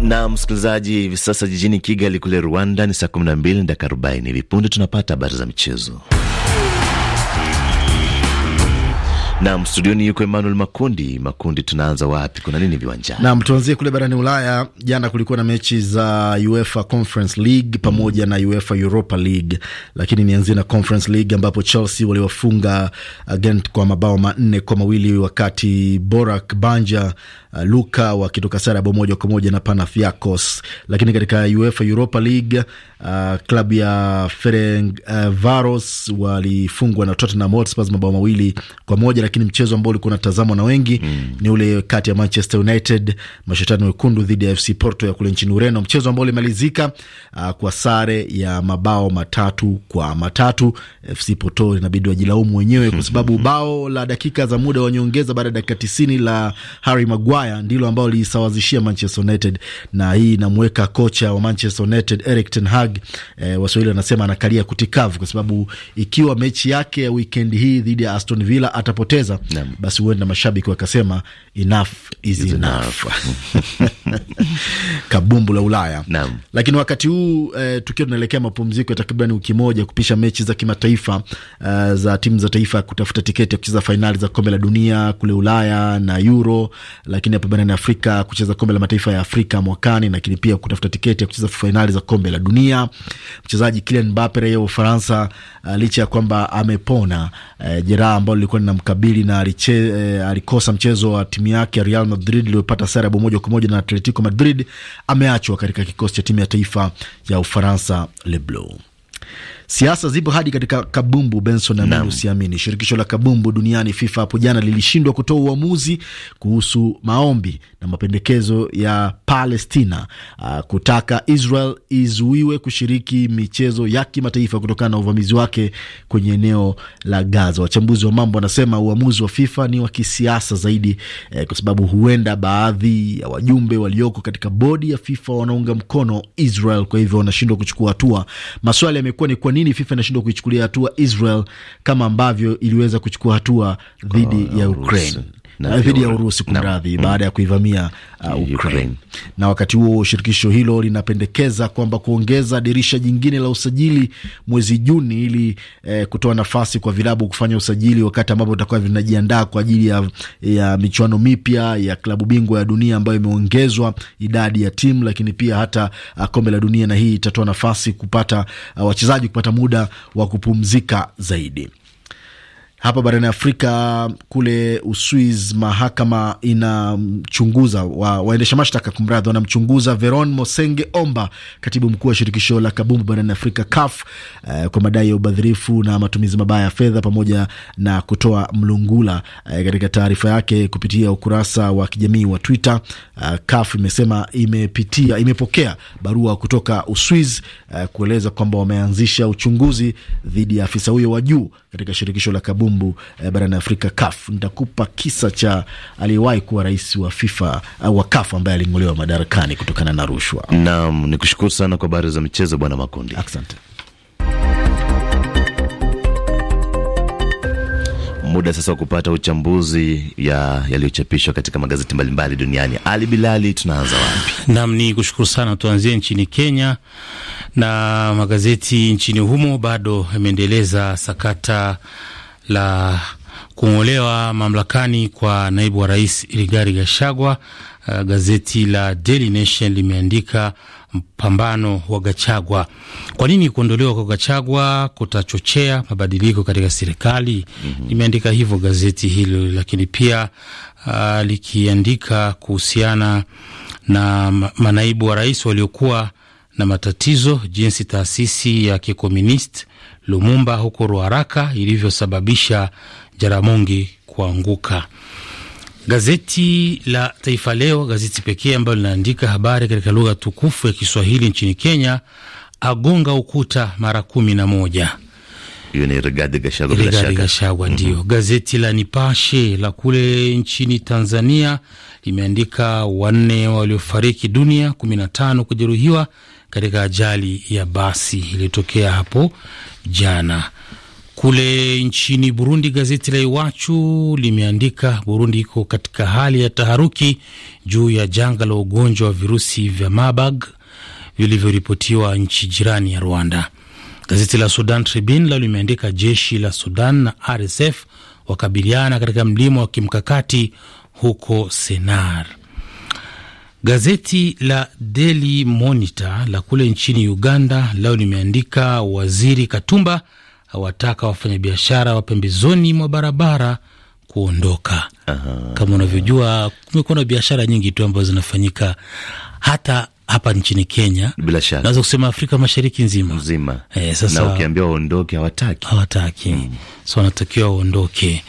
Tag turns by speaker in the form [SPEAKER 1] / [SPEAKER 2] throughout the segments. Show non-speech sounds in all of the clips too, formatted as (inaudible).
[SPEAKER 1] na msikilizaji, hivi sasa jijini Kigali kule Rwanda ni saa 12 na dakika 40. Hivi punde tunapata habari za michezo. Nam studioni yuko Emmanuel Makundi. Makundi, tunaanza wapi? Kuna nini viwanjani?
[SPEAKER 2] Nam, tuanzie kule barani Ulaya. Jana kulikuwa na mechi za UEFA Conference League pamoja mm, na UEFA Europa League, lakini nianzie na Conference League ambapo Chelsea waliwafunga Gent kwa mabao manne kwa mawili wakati Borak Banja Uh, Luka wakitoka sare bao moja kwa moja na Panathinaikos. Lakini katika UEFA Europa League uh, klabu ya Ferencvaros uh, walifungwa na Tottenham Hotspur mabao mawili kwa moja, lakini mchezo ambao ulikuwa unatazamwa na wengi mm. ni ule kati ya Manchester United mashetani wekundu dhidi ya FC Porto ya kule nchini Ureno, mchezo ambao ulimalizika uh, kwa sare ya mabao matatu kwa matatu. FC Porto inabidi wajilaumu wenyewe kwa (laughs) sababu bao la dakika za muda wa nyongeza baada ya dakika tisini la Harry Maguire Ulaya ndilo ambalo liisawazishia Manchester United, na hii inamweka kocha wa Manchester United Erik ten Hag, e, Waswahili wanasema anakalia kutikavu, kwa sababu ikiwa mechi yake ya wikendi hii dhidi ya Aston Villa atapoteza yeah, basi huenda mashabiki wakasema enough is enough, (laughs) kabumbu la Ulaya Nam. Lakini wakati huu e, eh, tukiwa tunaelekea mapumziko ya takriban wiki moja kupisha mechi za kimataifa eh, za timu za taifa kutafuta tiketi ya kucheza fainali za kombe la dunia kule Ulaya na Euro, lakini lakini hapa barani Afrika kucheza kombe la mataifa ya Afrika mwakani, lakini pia kutafuta tiketi ya kucheza fainali za kombe la dunia. Mchezaji Kylian Mbappe raia wa Ufaransa, uh, licha ya kwamba amepona uh, jeraha ambalo lilikuwa linamkabili na aliche, uh, alikosa mchezo wa timu yake ya Real Madrid iliyopata sare ya bao moja kwa moja na Atletico Madrid, ameachwa katika kikosi cha timu ya taifa ya Ufaransa, Le Bleu. Siasa zipo hadi katika kabumbu. Benson Amini, usiamini, shirikisho la kabumbu duniani FIFA hapo jana lilishindwa kutoa uamuzi kuhusu maombi na mapendekezo ya Palestina uh, kutaka Israel izuiwe kushiriki michezo ya kimataifa kutokana na uvamizi wake kwenye eneo la Gaza. Wachambuzi wa mambo wanasema uamuzi wa FIFA ni wa kisiasa zaidi eh, kwa sababu huenda baadhi ya wajumbe walioko katika bodi ya FIFA wanaunga mkono Israel, kwa hivyo wanashindwa kuchukua hatua. Maswali yamekuwa ni kwa nini FIFA inashindwa kuichukulia hatua Israel kama ambavyo iliweza kuchukua hatua ah, dhidi ya Ukraine? dhidi ya Urusi kumradhi, mm. baada ya kuivamia uh, Ukraine. Na wakati huo shirikisho hilo linapendekeza kwamba kuongeza dirisha jingine la usajili mwezi Juni ili eh, kutoa nafasi kwa vilabu kufanya usajili wakati ambapo vitakuwa vinajiandaa kwa ajili ya, ya michuano mipya ya klabu bingwa ya dunia ambayo imeongezwa idadi ya timu, lakini pia hata uh, kombe la dunia, na hii itatoa nafasi kupata uh, wachezaji kupata muda wa kupumzika zaidi. Hapa barani Afrika, kule Uswiz, mahakama inamchunguza wa, waendesha mashtaka kumradhi, wanamchunguza Veron Mosenge Omba, katibu mkuu wa shirikisho la kabumbu barani Afrika, CAF uh, kwa madai ya ubadhirifu na matumizi mabaya ya fedha pamoja na kutoa mlungula. Uh, katika taarifa yake kupitia ukurasa wa kijamii wa Twitter, uh, CAF imesema imepitia, imepokea barua kutoka Uswiz uh, kueleza kwamba wameanzisha uchunguzi dhidi ya afisa huyo wa juu katika shirikisho la kabumbu kumbukumbu eh, barani Afrika CAF. Nitakupa kisa cha aliyewahi kuwa rais wa FIFA au eh, wa CAF ambaye aling'olewa madarakani kutokana na rushwa.
[SPEAKER 1] Naam, nikushukuru sana kwa habari za michezo bwana Makundi. Asante. Muda sasa wa kupata uchambuzi ya yaliyochapishwa katika magazeti mbalimbali duniani. Ali Bilali, tunaanza
[SPEAKER 3] wapi? Naam, ni kushukuru sana. Tuanzie nchini Kenya na magazeti nchini humo bado yameendeleza sakata la kung'olewa mamlakani kwa naibu wa rais Rigathi Gachagua. Uh, gazeti la Daily Nation limeandika mpambano wa Gachagua. Kwa nini kuondolewa kwa Gachagua kutachochea mabadiliko katika serikali? mm -hmm. Limeandika hivyo gazeti hilo, lakini pia uh, likiandika kuhusiana na manaibu wa rais waliokuwa na matatizo, jinsi taasisi ya kikomunisti Lumumba huko Ruaraka ilivyosababisha Jaramongi kuanguka. Gazeti la Taifa Leo, gazeti pekee ambalo linaandika habari katika lugha tukufu ya Kiswahili nchini Kenya, agonga ukuta mara kumi na moja.
[SPEAKER 1] Rigathi Gachagua, mhm. ndio.
[SPEAKER 3] Gazeti la Nipashe la kule nchini Tanzania limeandika wanne waliofariki dunia, kumi na tano kujeruhiwa katika ajali ya basi iliyotokea hapo jana. Kule nchini Burundi, gazeti la Iwachu limeandika Burundi iko katika hali ya taharuki juu ya janga la ugonjwa wa virusi vya Marburg vilivyoripotiwa nchi jirani ya Rwanda. Gazeti la Sudan Tribune lao limeandika jeshi la Sudan na RSF wakabiliana katika mlima wa kimkakati huko Senar. Gazeti la Daily Monitor la kule nchini Uganda leo limeandika waziri Katumba awataka wafanyabiashara wa pembezoni mwa barabara kuondoka. Aha. Kama unavyojua kumekuwa na biashara nyingi tu ambazo zinafanyika hata hapa nchini Kenya, bila shaka naweza kusema Afrika Mashariki nzima nzima. E, sasa na ukiambia waondoke hawataki, hawataki. Mm. So wanatakiwa waondoke.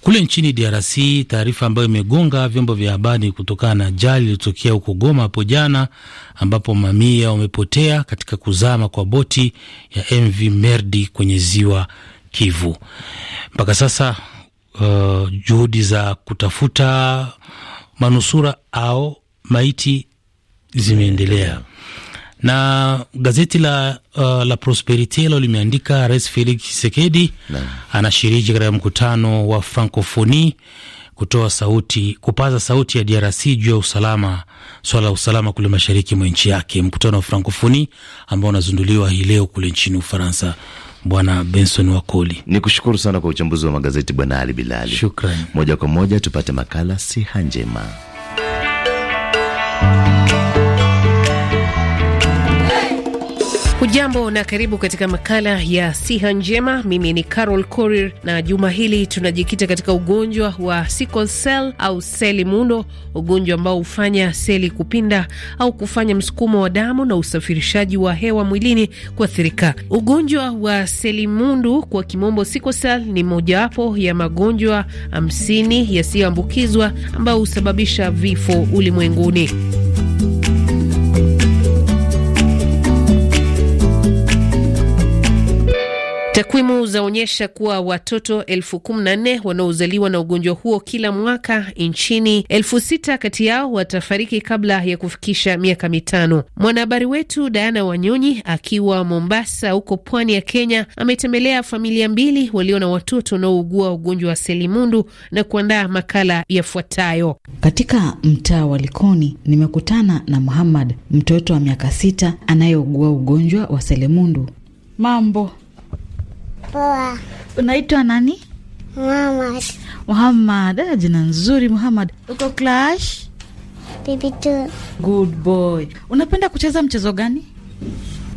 [SPEAKER 3] Kule nchini DRC, taarifa ambayo imegonga vyombo vya habari kutokana na ajali iliyotokea huko Goma hapo jana, ambapo mamia wamepotea katika kuzama kwa boti ya MV Merdi kwenye ziwa Kivu. Mpaka sasa uh, juhudi za kutafuta manusura au maiti zimeendelea na gazeti la, uh, la Prosperity lo limeandika Rais Felix Tshisekedi anashiriki katika mkutano wa Francophonie kutoa sauti kupaza sauti ya DRC juu ya usalama, swala la usalama kule mashariki mwa nchi yake, mkutano wa Francophonie ambao unazunduliwa hii leo kule nchini Ufaransa. Bwana Benson
[SPEAKER 1] Wakoli, ni kushukuru sana kwa uchambuzi wa magazeti Bwana Ali Bilali, shukran. Moja kwa moja tupate makala siha njema
[SPEAKER 4] Hujambo na karibu katika makala ya siha njema. Mimi ni Carol Korir na juma hili tunajikita katika ugonjwa wa sickle cell au seli mundo, ugonjwa ambao hufanya seli kupinda au kufanya msukumo wa damu na usafirishaji wa hewa mwilini kuathirika. Ugonjwa wa seli mundu kwa kimombo sickle cell ni mojawapo ya magonjwa hamsini yasiyoambukizwa ambayo husababisha vifo ulimwenguni. Takwimu zaonyesha kuwa watoto elfu kumi na nne wanaozaliwa na ugonjwa huo kila mwaka nchini, elfu sita kati yao watafariki kabla ya kufikisha miaka mitano. Mwanahabari wetu Diana Wanyonyi akiwa Mombasa huko pwani ya Kenya ametembelea familia mbili walio na watoto wanaougua ugonjwa wa selimundu na kuandaa makala yafuatayo.
[SPEAKER 5] Katika mtaa wa Likoni nimekutana na Muhammad, mtoto wa miaka sita anayeugua ugonjwa wa selimundu. Mambo Poa. Unaitwa nani? Muhammad. Muhammad, eh, jina nzuri Muhammad. Uko clash? Bibi tu. Good boy. Unapenda kucheza mchezo gani?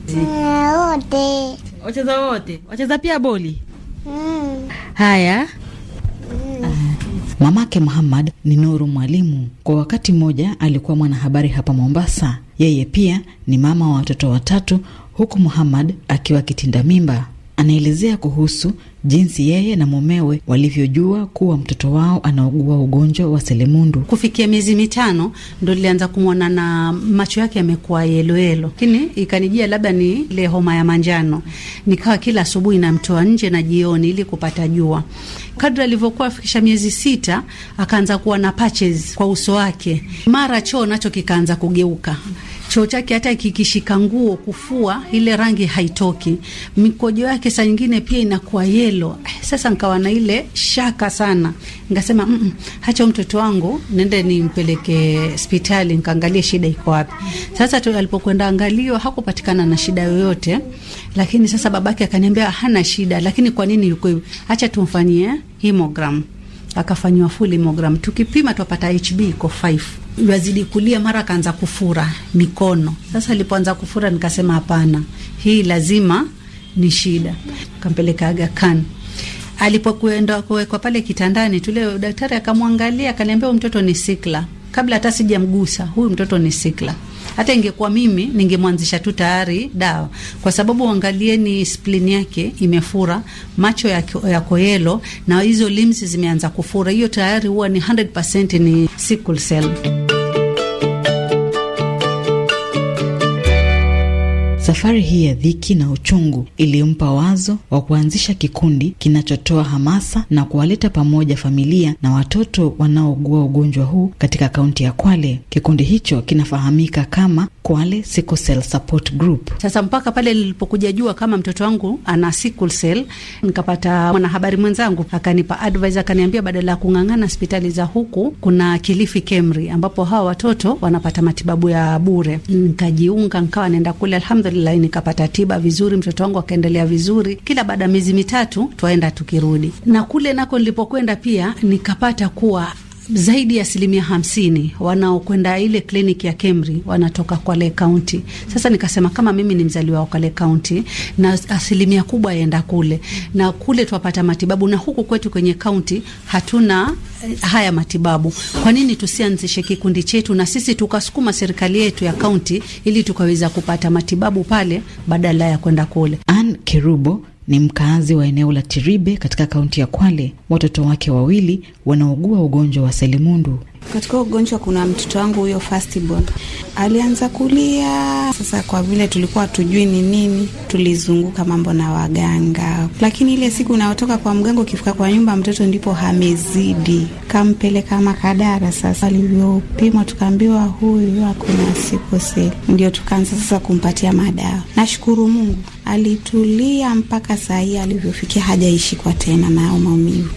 [SPEAKER 5] Eh, wote. Wacheza wote. Wacheza pia boli. Mm. Haya. Mm. Ah. Mamake Muhammad ni Nuru mwalimu. Kwa wakati mmoja alikuwa mwanahabari hapa Mombasa. Yeye pia ni mama wa watoto watatu huku Muhammad akiwa kitinda mimba anaelezea kuhusu jinsi yeye na mumewe walivyojua kuwa mtoto wao anaugua ugonjwa wa selemundu.
[SPEAKER 6] Kufikia miezi mitano ndo lilianza kumwona na macho yake yamekuwa yeloyelo, lakini ikanijia labda ni ile homa ya manjano. Nikawa kila asubuhi namtoa nje na jioni ili kupata jua. Kadri alivyokuwa afikisha miezi sita, akaanza kuwa na patches kwa uso wake, mara choo nacho kikaanza kugeuka choo chake hata ikikishika nguo kufua ile rangi haitoki, mikojo yake saa nyingine pia inakuwa yelo. Sasa nkawa na ile shaka sana, nkasema mm -mm, hacha mtoto wangu nende nimpeleke hospitali nkaangalie shida iko wapi. Sasa tu alipokwenda angalio hakupatikana na shida yoyote, lakini sasa babake akaniambia hana shida, lakini kwa nini yuko hivi? Hacha tumfanyie hemogram. Akafanyiwa full hemogram, tukipima twapata HB iko 5 yazidi kulia, mara akaanza kufura mikono. Sasa alipoanza kufura, nikasema hapana, hii lazima ni shida. Kampeleka Aga Khan. Alipokwenda kuwekwa pale kitandani, tule daktari akamwangalia, akaniambia huyu mtoto ni sikla. Kabla hata sijamgusa, huyu mtoto ni sikla. Hata ingekuwa mimi ningemwanzisha tu tayari dawa, kwa sababu uangalieni, splini yake imefura, macho yako yako yelo, na hizo limbs zimeanza kufura. Hiyo tayari huwa ni 100% ni sickle cell.
[SPEAKER 5] Safari hii ya dhiki na uchungu ilimpa wazo wa kuanzisha kikundi kinachotoa hamasa na kuwaleta pamoja familia na watoto wanaougua ugonjwa huu katika kaunti ya Kwale. Kikundi hicho kinafahamika kama Kwale Sickle Cell Support Group.
[SPEAKER 6] Sasa mpaka pale nilipokuja jua kama mtoto wangu ana sickle cell, nikapata mwanahabari mwenzangu akanipa advice, akaniambia badala ya kung'ang'ana hospitali za huku kuna Kilifi KEMRI ambapo hawa watoto wanapata matibabu ya bure. Nikajiunga, nkawa naenda kule alhamdulillah hospitali laini, tiba vizuri, mtoto wangu akaendelea vizuri. Kila baada ya miezi mitatu twaenda tukirudi, na kule nako nilipokwenda pia nikapata kuwa zaidi ya asilimia hamsini wanaokwenda ile kliniki ya KEMRI wanatoka Kwale Kaunti. Sasa nikasema kama mimi ni mzaliwa wa Kwale Kaunti na asilimia kubwa yaenda kule, na kule twapata matibabu, na huku kwetu kwenye kaunti hatuna eh, haya matibabu. Kwa nini tusianzishe kikundi chetu na sisi tukasukuma serikali yetu ya kaunti ili tukaweza kupata matibabu pale badala ya kwenda kule? Ann
[SPEAKER 5] Kerubo ni mkaazi wa eneo la Tiribe katika kaunti ya Kwale. Watoto wake wawili wanaugua ugonjwa wa selimundu.
[SPEAKER 7] Katika ugonjwa kuna mtoto wangu huyo firstborn alianza kulia. Sasa kwa vile tulikuwa tujui ni nini, tulizunguka mambo na waganga, lakini ile siku unaotoka kwa mganga ukifika kwa nyumba mtoto ndipo hamezidi, kampeleka makadara kadara. Sasa alivyopimwa tukaambiwa huyu hakuna sikoseli, ndio tukaanza sasa kumpatia madawa. Nashukuru Mungu alitulia mpaka sahii alivyofikia, hajaishikwa tena nao maumivu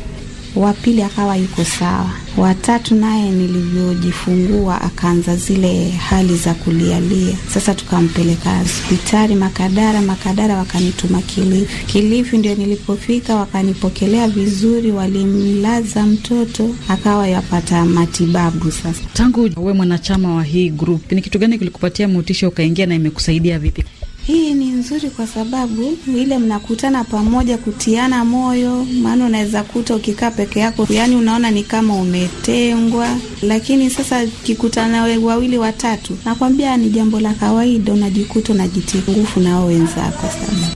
[SPEAKER 7] wa pili akawa yuko sawa, watatu naye nilivyojifungua akaanza zile hali za kulialia. Sasa tukampeleka hospitali Makadara. Makadara wakanituma Kilifi. Kilifi ndio nilipofika, wakanipokelea vizuri, walimlaza mtoto
[SPEAKER 5] akawa yapata matibabu. Sasa tangu we mwanachama wa hii grup, ni kitu gani kilikupatia motisha ukaingia na imekusaidia vipi?
[SPEAKER 7] Hii ni nzuri kwa sababu ile mnakutana pamoja kutiana moyo, maana unaweza kuta ukikaa peke yako, yaani unaona ni kama umetengwa, lakini sasa kikutana wawili watatu, nakwambia ni jambo la kawaida, unajikuta unajitia nguvu nao wenzako sana.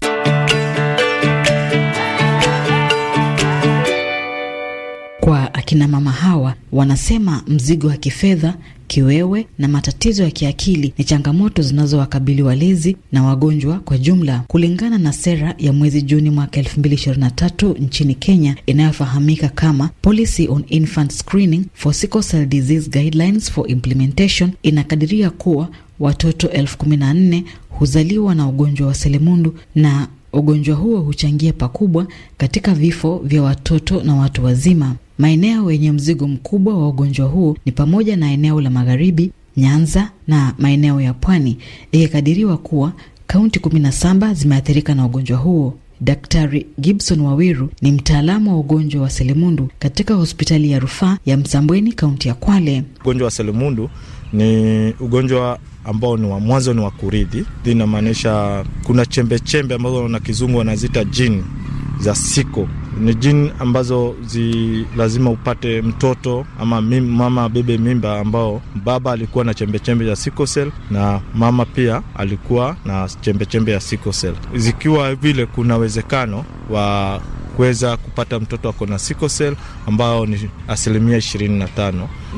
[SPEAKER 5] Kwa akina mama hawa wanasema mzigo wa kifedha kiwewe na matatizo ya kiakili ni changamoto zinazowakabili walezi na wagonjwa kwa jumla, kulingana na sera ya mwezi Juni mwaka tatu nchini Kenya inayofahamika kama Policy on Infant Screening for Sickle Cell Disease Guidelines for Implementation, inakadiria kuwa watoto elfu kumi na nne huzaliwa na ugonjwa wa selemundu na Ugonjwa huo huchangia pakubwa katika vifo vya watoto na watu wazima. Maeneo yenye mzigo mkubwa wa ugonjwa huo ni pamoja na eneo la magharibi, Nyanza na maeneo ya pwani, ikikadiriwa kuwa kaunti 17 zimeathirika na ugonjwa huo. Daktari Gibson Wawiru ni mtaalamu wa ugonjwa wa selimundu katika hospitali ya rufaa ya Msambweni, kaunti ya Kwale.
[SPEAKER 8] Ugonjwa wa selimundu ni ugonjwa ambao ni wa mwanzo ni wa kurithi. Inamaanisha kuna chembe chembe ambazo na kizungu wanazita jini za siko ni jini ambazo zi lazima upate mtoto ama mim, mama abebe mimba ambao baba alikuwa na chembechembe ya sickle cell na mama pia alikuwa na chembechembe ya sickle Zikiwa vile kuna uwezekano wa kuweza kupata mtoto ako na sickle ambao ni asilimia 25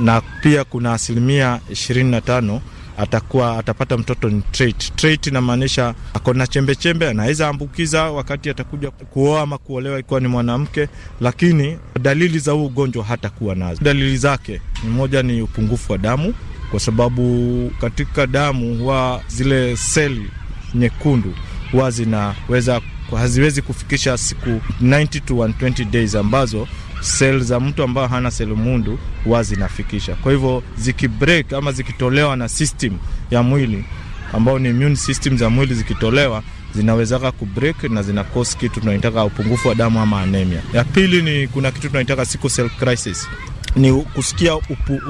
[SPEAKER 8] na pia kuna asilimia 25 atakuwa atapata mtoto ni trait. Trait inamaanisha ako na chembechembe, anaweza ambukiza wakati atakuja kuoa ama kuolewa ikiwa ni mwanamke, lakini dalili za huu ugonjwa hatakuwa nazo. Dalili zake moja, ni upungufu wa damu, kwa sababu katika damu huwa zile seli nyekundu huwa zinaweza haziwezi kufikisha siku 90 to 120 days ambazo sel za mtu ambayo hana mundu huwa zinafikisha. Kwa hivyo zikibreak ama zikitolewa na system ya mwili ambao ni immune system za mwili zikitolewa zinawezaka kubreak na zinakosa kitu tunaitaka upungufu wa damu ama anemia. Ya pili ni kuna kitu tunaitaka sickle cell crisis, ni kusikia upu,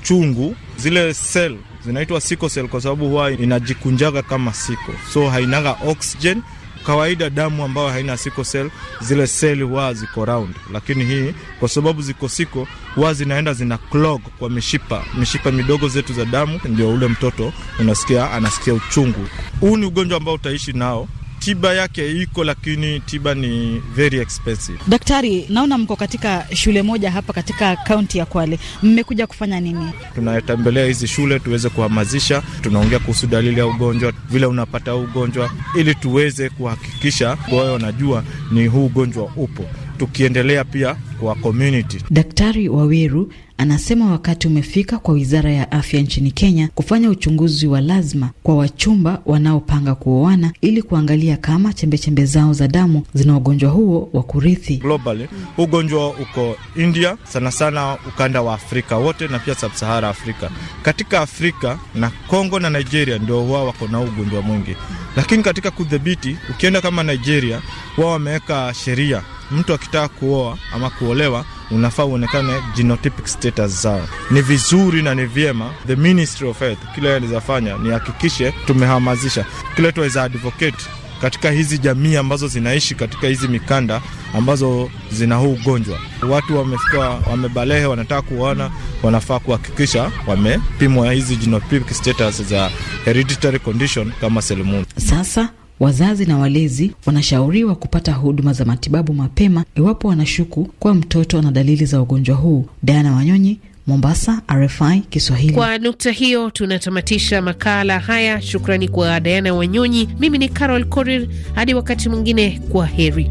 [SPEAKER 8] uchungu zile sel zinaitwa sickle cell kwa sababu huwa inajikunjaga kama siko, so hainaga oxygen kawaida damu ambayo haina siko sel, zile seli huwa ziko round, lakini hii kwa sababu ziko siko huwa zinaenda zina clog kwa mishipa mishipa midogo zetu za damu, ndio ule mtoto unasikia anasikia uchungu. Huu ni ugonjwa ambao utaishi nao tiba yake iko, lakini tiba ni very expensive.
[SPEAKER 5] Daktari, naona mko katika shule moja hapa katika kaunti ya Kwale, mmekuja kufanya nini?
[SPEAKER 8] Tunatembelea hizi shule tuweze kuhamazisha, tunaongea kuhusu dalili ya ugonjwa, vile unapata ugonjwa, ili tuweze kuhakikisha wao wanajua ni huu ugonjwa upo tukiendelea pia kwa community. Daktari
[SPEAKER 5] Waweru anasema wakati umefika kwa wizara ya afya nchini Kenya kufanya uchunguzi wa lazima kwa wachumba wanaopanga kuoana ili kuangalia kama chembechembe zao za
[SPEAKER 8] damu zina ugonjwa huo wa kurithi. Globally ugonjwa uko India sana sana, ukanda wa Afrika wote na pia Sub-Sahara Afrika. Katika Afrika na Kongo na Nigeria ndio wao wako na ugonjwa mwingi, lakini katika kudhibiti, ukienda kama Nigeria, wao wameweka sheria mtu akitaka kuoa ama kuolewa unafaa uonekane genotypic status zao. Ni vizuri na ni vyema the ministry of health kile alizafanya ni hakikishe tumehamazisha kile tuweza advocate katika hizi jamii ambazo zinaishi katika hizi mikanda ambazo zina huu ugonjwa. Watu wamefika, wamebalehe, wanataka kuona, wanafaa kuhakikisha wamepimwa hizi genotypic status za hereditary condition kama selimundu
[SPEAKER 5] sasa Wazazi na walezi wanashauriwa kupata huduma za matibabu mapema iwapo wanashuku kuwa mtoto ana dalili za ugonjwa huu. Diana Wanyonyi, Mombasa, RFI Kiswahili. Kwa
[SPEAKER 4] nukta hiyo tunatamatisha makala haya. Shukrani kwa Diana Wanyonyi. Mimi ni Carol Korir, hadi wakati mwingine, kwa heri.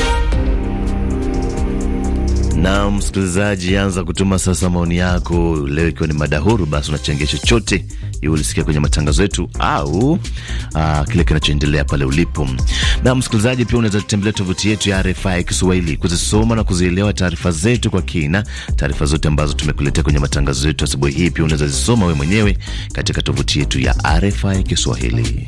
[SPEAKER 1] na msikilizaji, anza kutuma sasa maoni yako leo, ikiwa ni mada huru, basi unachangia chochote iwe ulisikia kwenye matangazo yetu au aa, ah, kile kinachoendelea pale ulipo. Na msikilizaji, pia unaweza tembelea tovuti yetu ya RFI Kiswahili kuzisoma na kuzielewa taarifa zetu kwa kina. Taarifa zote ambazo tumekuletea kwenye matangazo yetu asubuhi hii pia unaweza zisoma wewe mwenyewe katika tovuti yetu ya RFI Kiswahili.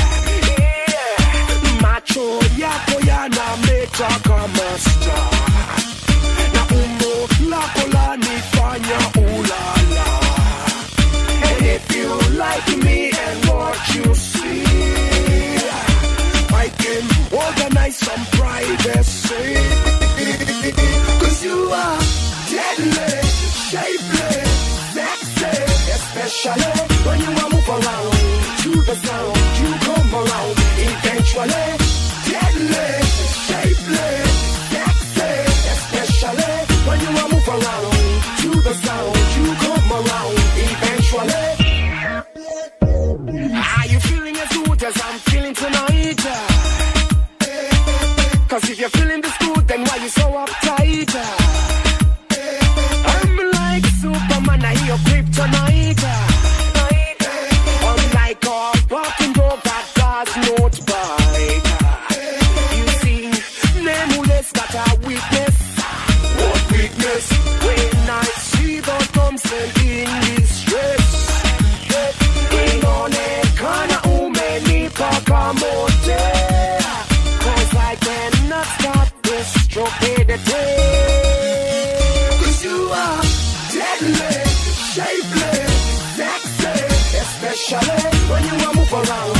[SPEAKER 9] Eventually, when you move around,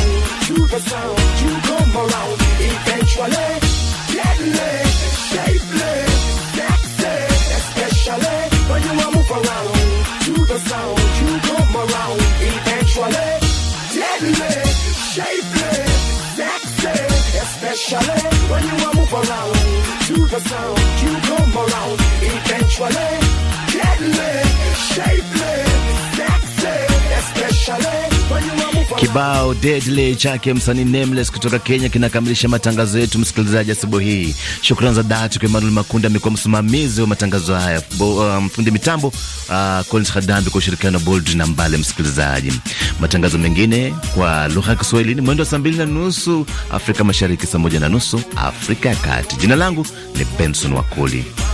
[SPEAKER 9] to the sound, you come around. Eventually, deadly, safely, sexy. Especially, when you move around, to the sound, you come around. Eventually, Especially, when you move around, to the sound, you come around. Eventually, deadly.
[SPEAKER 1] kibao deadly chake msanii Nameless kutoka Kenya kinakamilisha matangazo yetu, msikilizaji, asubuhi hii. Shukrani za dhati kwa Emmanuel Makunda, amekuwa msimamizi wa matangazo haya, mfundi um, mitambo uh, Collins Hadambi kwa ushirikiano na Bold na Mbale. Msikilizaji, matangazo mengine kwa lugha ya Kiswahili ni mwendo wa saa mbili na nusu Afrika Mashariki, saa moja na nusu Afrika ya Kati. Jina langu ni Benson Wakoli.